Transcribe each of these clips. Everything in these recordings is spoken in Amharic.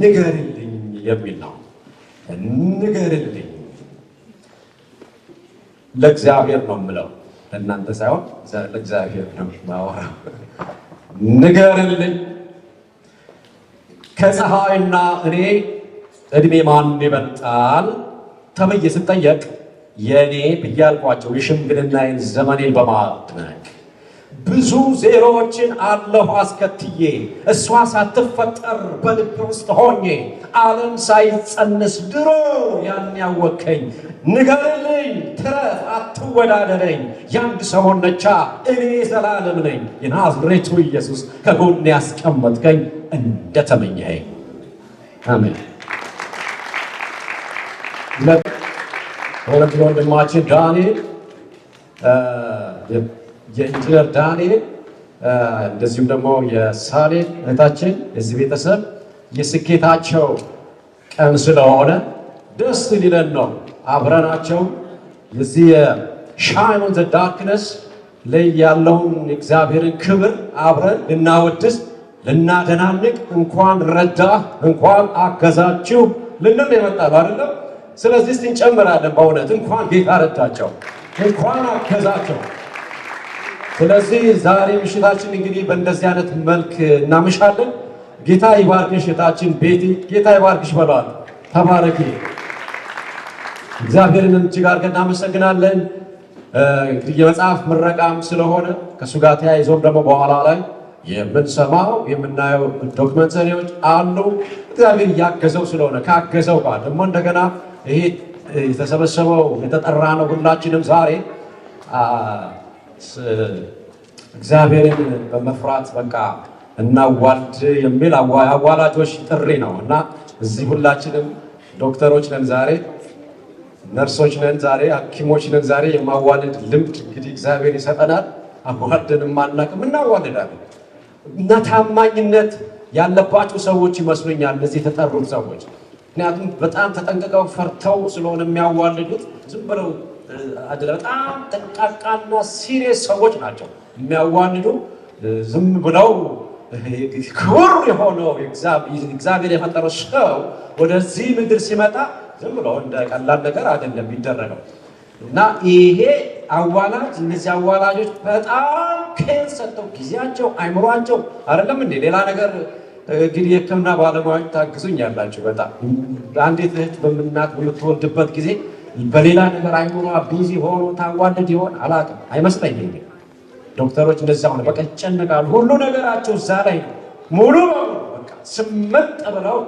ንገርልኝ የሚል ነው። ንገርልኝ ለእግዚአብሔር ነው የምለው ለእናንተ ሳይሆን ለእግዚአብሔር ነው ማወራው። ንገርልኝ ከፀሐይና እኔ እድሜ ማን ይበልጣል ተብዬ ስጠየቅ የእኔ ብያልቋቸው የሽምግልናዬን ዘመኔን በማድነቅ ብዙ ዜሮዎችን አለሁ አስከትዬ እሷ ሳትፈጠር በልብ ውስጥ ሆኜ ዓለም ሳይጸንስ ድሮ ያን ያወከኝ ንገርልኝ ትረፍ አትወዳደረኝ ያንድ ሰሞን ነቻ እኔ ዘላለም ነኝ የናዝሬቱ ኢየሱስ ከጎን ያስቀመጥከኝ እንደተመኘኸኝ አሜን። ወንድማችን ዳንኤል የኢንጂነር ዳንኤል እንደዚሁም ደግሞ የሳሌን እህታችን የዚህ ቤተሰብ የስኬታቸው ቀን ስለሆነ ደስ ሊለን ነው። አብረናቸው የዚህ የሻይን ኦን ዘ ዳርክነስ ላይ ያለውን እግዚአብሔርን ክብር አብረን ልናወድስ ልናደናንቅ እንኳን ረዳ እንኳን አገዛችሁ ልንም የመጣሉ አይደለም። ስለዚህ እስቲ እንጨምራለን። በእውነት እንኳን ጌታ ረዳቸው፣ እንኳን አገዛቸው ስለዚህ ዛሬ ምሽታችን እንግዲህ በእንደዚህ አይነት መልክ እናመሻለን። ጌታ ይባርክሽ እህታችን ቤቲ፣ ጌታ ይባርክሽ በለዋል። ተባረኪ። እግዚአብሔርን እጅግ አድርገን እናመሰግናለን። የመጽሐፍ ምረቃም ስለሆነ ከእሱ ጋር ተያይዞም ደግሞ በኋላ ላይ የምንሰማው የምናየው ዶክመንተሪዎች አሉ። እግዚአብሔር እያገዘው ስለሆነ ካገዘው ጋር ደግሞ እንደገና ይሄ የተሰበሰበው የተጠራ ነው። ሁላችንም ዛሬ እግዚአብሔርን በመፍራት በቃ እናዋልድ የሚል አዋላጆች ጥሪ ነው እና እዚህ ሁላችንም ዶክተሮች ነን ዛሬ፣ ነርሶች ነን ዛሬ፣ ሀኪሞች ነን ዛሬ። የማዋለድ ልምድ እንግዲህ እግዚአብሔር ይሰጠናል። አዋልደን ማናቅም እናዋልዳለን እና ታማኝነት ያለባቸው ሰዎች ይመስሉኛል እነዚህ የተጠሩት ሰዎች። ምክንያቱም በጣም ተጠንቅቀው ፈርተው ስለሆነ የሚያዋልዱት ዝም ብለው በጣም ጠንቃቃና ሲሪየስ ሰዎች ናቸው። የሚያዋንዱ ዝም ብለው ክቡር የሆነው እግዚአብሔር የፈጠረው ሰው ወደዚህ ምድር ሲመጣ ዝም ብለው እንደ ቀላል ነገር አይደለም የሚደረገው እና ይሄ አዋላጅ እነዚህ አዋላጆች በጣም ፔን ሰጥተው ጊዜያቸው አይምሯቸው አይደለም እንዴ ሌላ ነገር እንግዲህ የሕክምና ባለሙያዎች ታግዙኝ ያላቸው በጣም አንዲት እህት በምናት በምትወልድበት ጊዜ በሌላ ነገር አይምሮ ቢዚ ሆኖ ታዋልድ ይሆን አላውቅም። አይመስለኝም። ዶክተሮች እንደዛ ሆነ በቃ ይጨነቃሉ። ሁሉ ነገራቸው እዛ ላይ ሙሉ በቃ ስመጥ ብለው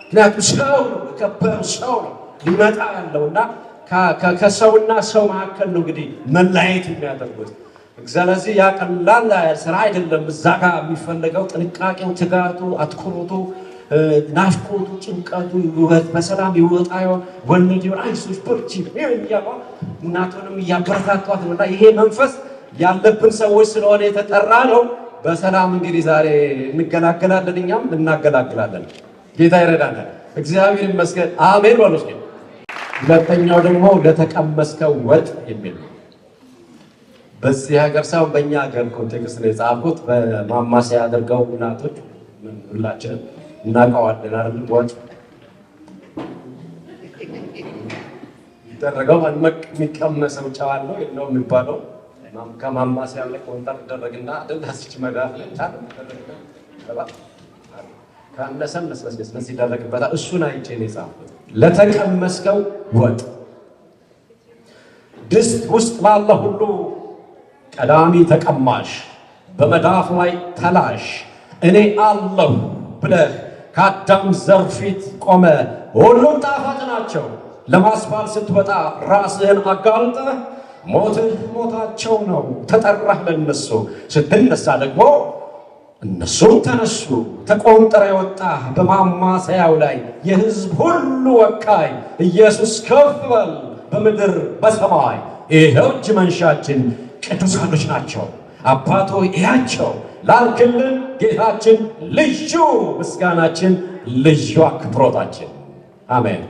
ምክንያቱም ሰው ነው የከበረው ሰው ነው ሊመጣ ያለው እና ከሰውና ሰው መካከል ነው እንግዲህ መለያየት የሚያደርጉት። እግዚአብሔር ያ ቀላል ስራ አይደለም። እዛ ጋር የሚፈለገው ጥንቃቄው፣ ትጋቱ፣ አትኩሮቱ ናፍቆቱ፣ ጭንቀቱ ውበት በሰላም ይወጣ ይሆን ወንድ ይሆን አይሱሽ በርቺ እያሏ እናቱንም እያበረታቷት ነው። እና ይሄ መንፈስ ያለብን ሰዎች ስለሆነ የተጠራ ነው። በሰላም እንግዲህ ዛሬ እንገላገላለን፣ እኛም እናገላግላለን። ጌታ ይረዳናል። እግዚአብሔር ይመስገን። አሜን በሉ ሁለተኛው ደግሞ ለተቀመስከው ወጥ የሚል ነው። በዚህ ሀገር ሳይሆን በእኛ ሀገር ኮንቴክስት ነው የጻፍኩት። በማማሰያ አድርገው እናቶች ሁላችንም እናውቀዋለን አይደል? ዋጭ ይደረገው የሚቀመሰው የለው የሚባለው ከማማስ ያለ ይደረግና ደዳስች ይደረግበታል። እሱን አይቼ ነው የጻፍኩት። ለተቀመስከው ወጥ ድስት ውስጥ ባለ ሁሉ ቀዳሚ ተቀማሽ፣ በመዳፍ ላይ ተላሽ እኔ አለሁ ብለህ ከአዳም ዘር ፊት ቆመ። ሁሉም ጣፋጭ ናቸው። ለማስባል ስትወጣ ራስህን አጋልጠ ሞትህ ሞታቸው ነው። ተጠራህ ለነሱ ስትነሳ ደግሞ እነሱም ተነሱ። ተቆንጥረ የወጣ በማማሰያው ላይ የህዝብ ሁሉ ወካይ ኢየሱስ ከፍ በል በምድር በሰማይ። ይኸው እጅ መንሻችን ቅዱሳኖች ናቸው። አባቶ እያቸው ላልክልን ጌታችን ልዩ ምስጋናችን፣ ልዩ አክብሮታችን አሜን።